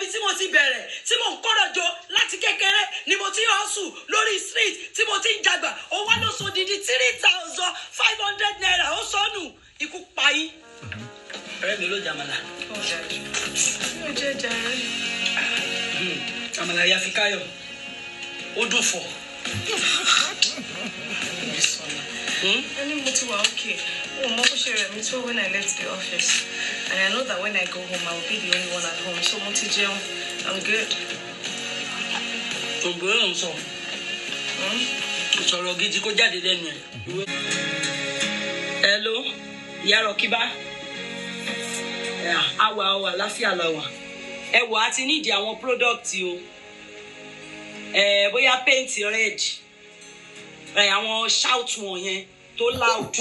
ibi tí mo ti bẹ̀rẹ̀ tí mo ń kọ́rọ̀jọ láti kékeré ni mo ti hustle lórí street tí mo ti ń jagbà owó lóṣù dídí three thousand five hundred naira ó sọnù ikú pa yín. ọ̀rẹ́ mi ló jàmàlà. Hmm, àmàlà ya fi káyọ̀ ó dùn fọ̀. Hmm? ẹni mo ti wà ókè mo mọ bó ṣe rẹ̀ mi tó when I left the office. And I know that when I go home, I will be the only one at home. So, Monty Jim, I'm good. Ògbó ẹ̀ ń sọ. Hmm? Ìsọ̀rọ̀ gidi kó jáde lẹ́nu ẹ̀. Hello, ìyá Rọ̀kíbá. Àwa àwa láfíà la wà. Ẹ wò á ti nídìí àwọn pródọ́kìtì o. Bóyá pẹ́ǹtì red, àwọn shout wọ̀nyẹn tó loud,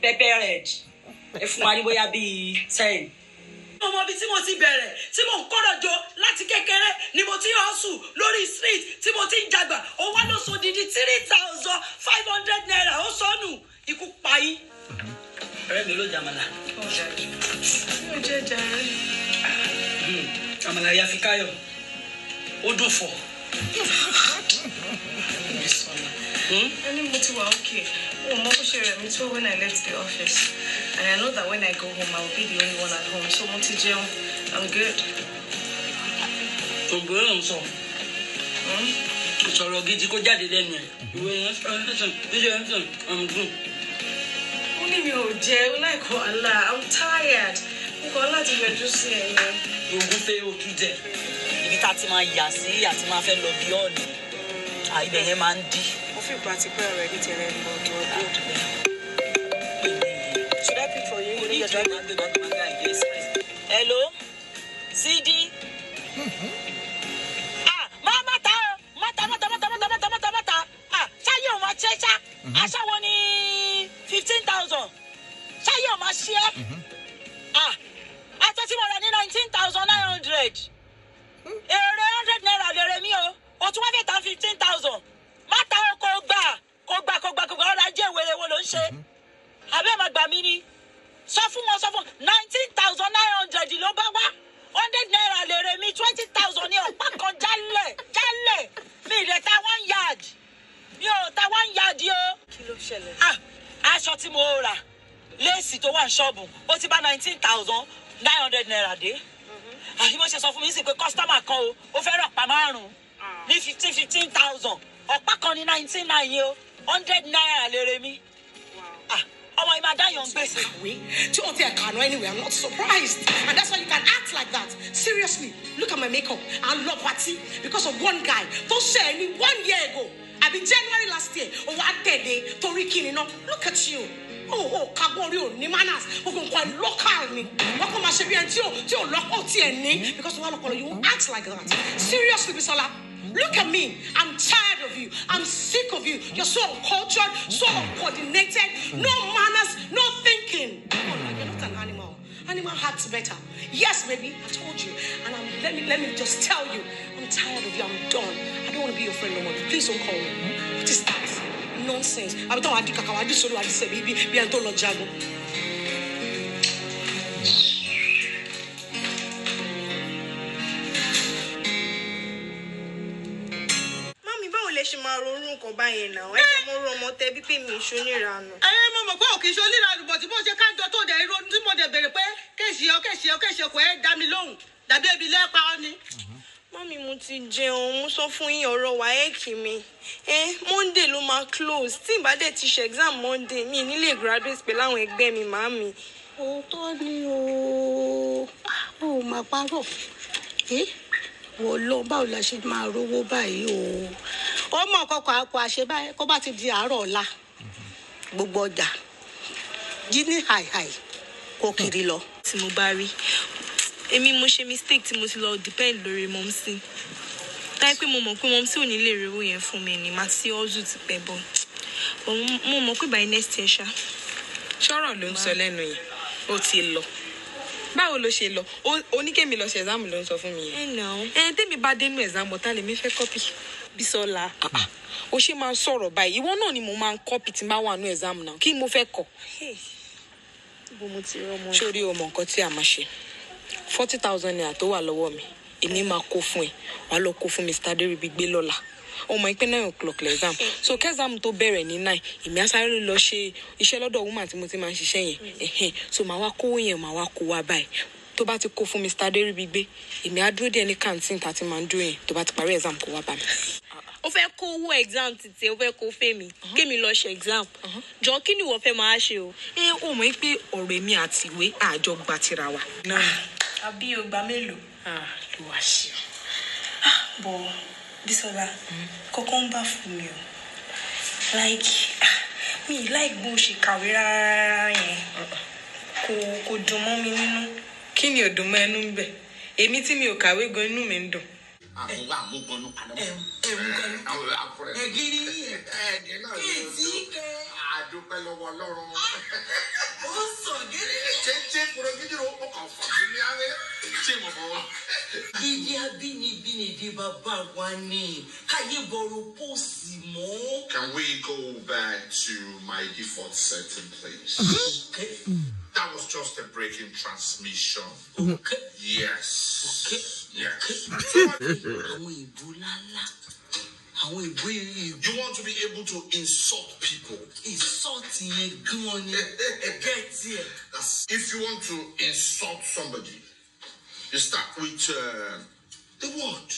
pepper red ẹ fún bóyá bíi ten. mo mọ ibi tí mo ti bẹ̀rẹ̀ tí mo ń kọ́rọ̀ jọ láti kékeré ni mo ti hustle lórí street tí mo ti ń jagbà ó ló so didi three thousand five hundred naira ó sọnù ikú pa yín. ọ̀rẹ́ mi ló jàmàlà. àmàlà ya fi káyọ̀ ó dùn fọ̀ ó ní mo ti wà ókè ó mọ bó when I left the office and I know that when I go home I will be the only one at home so mo ti jẹun I'm good. So, ẹ̀ ń sọ sọ̀rọ̀ gidi kó jáde lẹ́nu ẹ̀ ìwé ẹ̀ ṣàn jíjẹ ẹ̀ ṣàn I'm good. ó ní mi ò jẹ ó láì kọ́ àlá I'm tired n kọ́ láti yọjú sí ẹ̀yẹ. ogun fẹ́ ojú jẹ ibi tá a ti máa yà sí àti máa fẹ́ lọ bí ọ̀nì àìbẹ̀yẹn máa ń dí. Taufik Batipe already telling me to upload me. Should I pick for you? You need to Hello? Sidi? Ah, máa mata mata mata mata mata mata mata mata ah ṣáyé ọmọ ṣe ṣá mm-hmm. aṣáwọ ni fifteen thousand ṣáyé ọmọ ṣe mm-hmm. ah aṣọ tí mo rà ní nineteen thousand nine hundred hmm? èrè hundred naira lèrè mi o òtún wá fẹ́ ta fifteen thousand ẹjọ́ ìwéré wo ló ń ṣe mhm. àbẹ́ máa gbà mí ni sọ fún wọn sọ fún nineteen thousand nine hundred ló bá wá hundred naira lè rè twenty thousand ní ọ̀pá kan jálẹ̀ jálẹ̀ mi ìrẹ̀ ta one yard mi ò ta one yard o. kí ló ṣẹlẹ̀. Ah, aṣọ tí mo rà léèsì tó wà ní ṣọ́ọ̀bù ó ti bá nineteen thousand nine hundred naira dé àti mhm. ah, bó ṣe sọ fún mi sí pé kọ́sítọ́mà kan o ó fẹ́ rọ̀pá márùn-ún ah. ní fifteen fifteen thousand ọ̀pá kan ní nineteen nine yìí o hundred naira lèrè mi ah, ọmọ yìí máa dáyọ̀ ń gbèsè. tí o ti ẹ̀ kànú anyway i'm not surprised and that's why you can act like that seriously look at my makeup I love party because of one guy tó ṣe é ní one year ago I àbí january last year òun á tẹ̀lé torí kí ni náà look at you oh oh kagbọn orí òní manners come nǹkan local ni wọn come máa and bí ẹni tí ò tí ní because wọn lọ́kọ̀ lọ you act like that seriously bisola. Look at me. I'm tired of you. I'm sick of you. You're so uncultured, so uncoordinated, no manners, no thinking. Come on, you're not an animal. Animal hearts better. Yes, baby, I told you. And I'm, let me let me just tell you, I'm tired of you. I'm done. I don't want to be your friend no more. Please don't call me. What is that? Nonsense. I'm talking about I I do baby, be a jago. nǹkan báyẹn náà ẹ jẹ́ mo rọ ọmọ tẹ bí mi ìṣó níranu. ẹ mo mọ̀ pé òkè ìṣó níranu bọ̀ tí mo ṣe kájọ tó dẹ̀ irun tí mo dẹ̀ bèrè pé kéṣì ọ kéṣì ọ kéṣì ọkọ̀ ẹ dá mi lóhùn dàbí ebi lẹ́pa ọ ni. mọ́mí mo ti jẹun mo sọ fún yín ọ̀rọ̀ wáyẹ́ẹ̀kì mi ẹ monday ló máa close tí ìbádẹ́ ti ṣe exam monday mi nílé graduate pẹ̀lú àwọn ẹgbẹ́ mi màámi. òótọ́ ni o ò máa parọ́ wọ́n lọ báwo la ṣe máa rówó báyìí o ó mọ̀ kọ́kọ́ àkọ́ àṣebáyé kó bá ti di àárọ̀ ọ̀la gbogbo ọjà jí ní hàìhàì kó kiri lọ. tí mo bá rí èmi mo ṣe mistake tí mo ti lọ depend lórí mọ́mísì táyé pé mo mọ̀ pé mọ́mísì ò ní lè rówó yẹn fún mi ni màá sí ọ́ọ́zù ti pẹ́ bọ̀ mo mọ̀ pé by next year ṣá. ṣọ́rọ̀ ló ń sọ lẹ́nu yẹn ó ti lọ báwo ló ṣe lọ oníkèmí lọ ṣe ẹ̀zámù ló ń sọ fún mi yẹn. ẹ ǹ tẹ́mi bá dénú ẹ̀zámù ọ̀tá lèmi fẹ́ kọ́pì. Bisola o ṣe máa ń sọ̀rọ̀ báyìí ìwọ náà ni mo máa ń kọ́pì tí máa wà nù exam náà kí mo fẹ́ kọ́. sórí o mọ nǹkan tí a máa ṣe forty thousand naira tó wà lọ́wọ́ mi èmi máa kó fún ẹ wàá lọ kó fún Mr. Adéríbi gbé lọ́la ọmọ ìpín nine o'clock lẹ́sàmù so kẹ́sàmù tó bẹ̀rẹ̀ ní nine èmi asáré lọ ṣe iṣẹ́ lọ́dọ̀ woman tí mo ti máa ń ṣiṣẹ́ yẹn mm. so màá wá kówó yẹn màá wá kó wá báyìí tó bá ti kó fún Mr. Adéríbi gbé èmi á dúró díẹ̀ ní kàǹtìn tá a ti máa ń dúró yẹn tó bá ti parí exam kó wá bá fẹ́ kó owó exam tètè ó fẹ́ kó fèmí kémi uh-huh. lọ ṣe exam uh-huh. jọ kí ni ìwọ fẹ́ máa ṣe o. ẹ ò mọ̀ pé ọ̀rọ̀ èmi àti ìwé àjọ gba tira wa. àbí ah. ọgbà mélòó. Ah, ló wá ṣe o. Ah, bọ̀ Bísọ́lá mm-hmm. kọ́kọ́ ń bá fún mi o like mi like bó ṣe kàwé rárá yẹn kò kò dùn mọ́ mi nínú. kí ni ò ẹnu ń bẹ̀ èmi tí mi ò kàwé gan inú mi ń dùn. Can we go back to my default setting please? Okay. That was just a breaking transmission. Okay. Yes. Okay you want to be able to insult people. insult yẹn gan if you want to insult somebody you start with uh, the word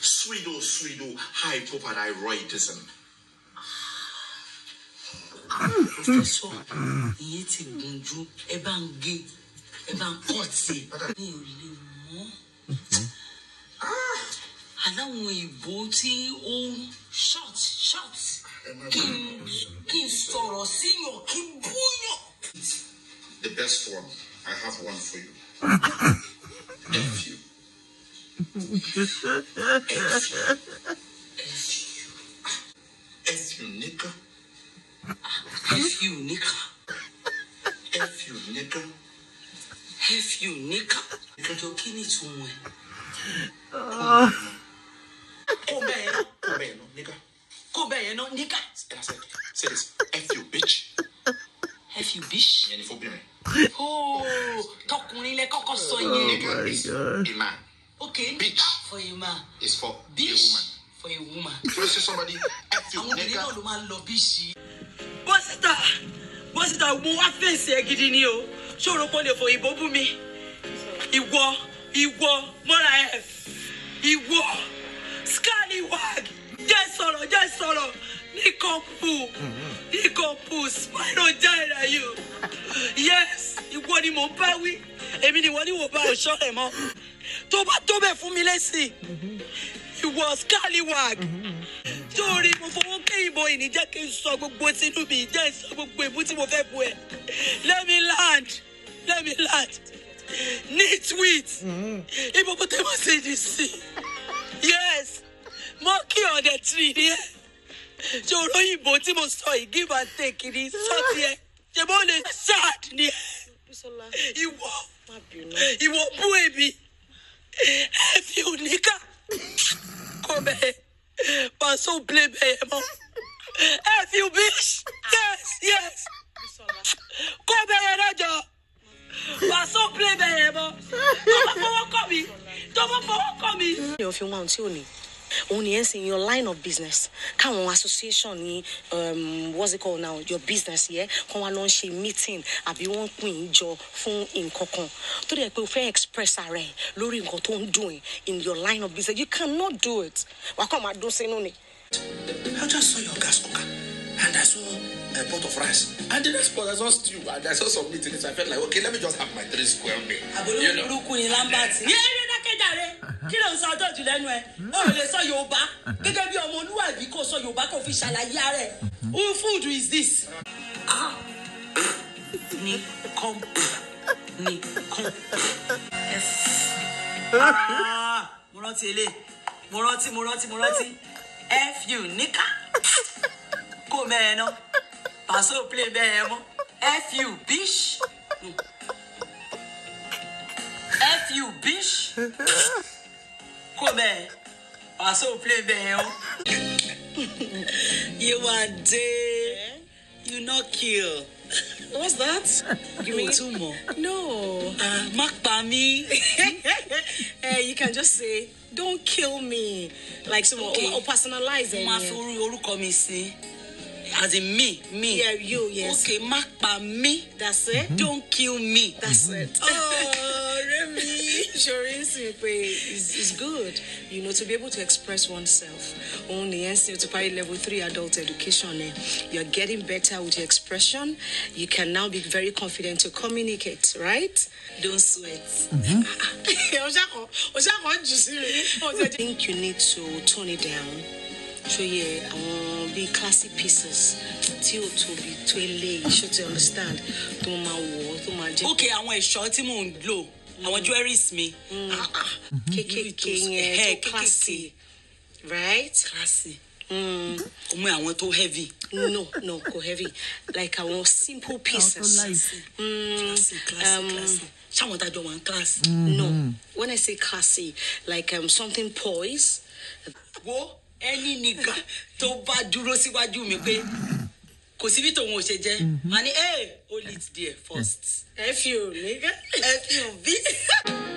pseudo pseudo hypoparathyroidism. Professor, Ah, àláwọn òyìnbó tí ó ń short short kí n sọ̀rọ̀ síyàn kí n búyàn. The best one, I have one for you. F you. F you. F you, nigga. F you, nigga. F you, nigga. F you, nigga. ìkẹjọ kí ni ìtumọ̀ ẹ̀. kó bẹ́ẹ̀ yẹn kó bẹ́ẹ̀ yẹn níkà. kó bẹ́ẹ̀ yẹn níkà. say this f you bitch. f you bitch. yẹn ni fóbìnrin. ooo oh, tọkùnrin lẹ kọ́kọ́ sọ oh yẹn. níkà oh is a man. okay bitch for a man. is for bitch. a woman. for a woman. if you see somebody àwọn obìnrin náà ló máa ń lọ bíṣì. bọ́sítà bọ́sítà mo wá fèsì ẹ gidi ni o ṣòro kò lè fòyìnbó bú mi ìwọ ìwọ mọ́ra ẹ̀ ìwọ scallywag jẹ́ sọ̀rọ̀ jẹ́ sọ̀rọ̀ nìkan pù nìkan pù spino jẹ́ ẹ̀rẹ̀ yìí yes ìwọ ni mò ń bá wí èmi ni wọ́n ní wò bá òṣọ́ rẹ̀ mọ́ tó bá tó bẹ̀ fún mi lẹ́sìn ìwọ scallywag torí mo fọwọ́ kéyìnbó yìí ní jẹ́ kí n sọ gbogbo sínú mi jẹ́ n sọ gbogbo ìbú tí mo fẹ́ bu ẹ̀ let me land let me land. nitwit, hippopotamus in the sea. Yes, monkey on the tree there. ṣòro òyìnbó tí mo sọ yìí give and take ni sọ́ọ̀tì ẹ̀ ṣe bó lè ṣáàd ni ẹ̀ ìwọ ìwọ bú èmi ẹ fi òníkà kọ bẹ́ẹ̀ pàṣẹ òbílẹ̀ bẹ́ẹ̀ mọ́ ẹ fi òbí yes yes kọ bẹ́ẹ̀ yẹn lọ́jọ́. wàá sọ plé bẹ̀rẹ̀ bọ́ tó bá fọwọ́ kọ́ mi tó bá fọwọ́ kọ́ mi. mi ò fi wọn tí ò ní òun ni ẹ your line of business káwọn association ní um, what's it called now your business yẹ kán wá lọ ṣe meeting àbí wọ́n pín in jọ fún nǹkan kan tó dẹ̀ pé o fẹ́ express ara ẹ̀ lórí nǹkan tó ń dùn in your line of business you cannot do it wà á kàn máa dún sínú ni. I just saw your gas cooker and I saw uh, pot of rice. and the next spoil. I saw stew and I saw some meat in it. so I felt like, okay, let me just have my three square meal. Àbúrò burúkú ni Lambert. Ní eré dákẹ́jàre, kí ló ń sọ ọjọ́ jù lẹ́nu ẹ̀? O ò lè sọ Yorùbá gẹ́gẹ́ bí ọmọ olúwàbí kò sọ Yorùbá kò fi ṣàlàyé ara ẹ̀. Hmm. Who food is this? Ah. Ní kọ́m ní kọ́m. Ah, mo rántí eléyìí, mo rántí, mo rántí, mo rántí. F U níkà kó mẹ́ẹ̀ẹ́ náà pàṣẹ òpìlẹ̀ bẹ́ẹ̀ yẹn mọ́ fu bish fu bish kò bẹ́ẹ̀ pàṣẹ òpìlẹ̀ bẹ́ẹ̀ You mọ́. Yewande you not kill. What's that? Give me two more. No. Uh, ah, Makpami. uh, eh, you can just say, don't kill me. Like someone, okay. or, or personalize it. Má fi orúkọ as in me, me. Yeah, you, yes. Okay, by me. That's it. Mm-hmm. Don't kill me. That's mm-hmm. it. Oh, Remy, Jorinsi is is good. You know, to be able to express oneself. On the NCO to pay level three adult education. You're getting better with your expression. You can now be very confident to communicate, right? Don't sweat. Mm-hmm. I think you need to tone it down. So yeah, um, bí classic pieces tí ò be tó eléyìí ṣó ti understand tó máa wọ̀ tó máa jẹ́. ok àwọn ẹ̀ṣọ́ tí mò ń lò àwọn mm. jewelries mi. Mm. Ah, ah. mm-hmm. kékèké yẹn eh, tó classy right. classy. o I want tó heavy. no no go heavy like àwọn simple pieces. Mm, classy classy um, classy someone that don't want class. No. Mm-hmm. When I say classy, like um, something poised. Whoa. ẹni nìkan tó bá dúró síwájú mi pé kò síbi tòun ò ṣe jẹ́ mhm. màá ní ẹ hold it there first. ẹ fi òmígá. ẹ fi òbí.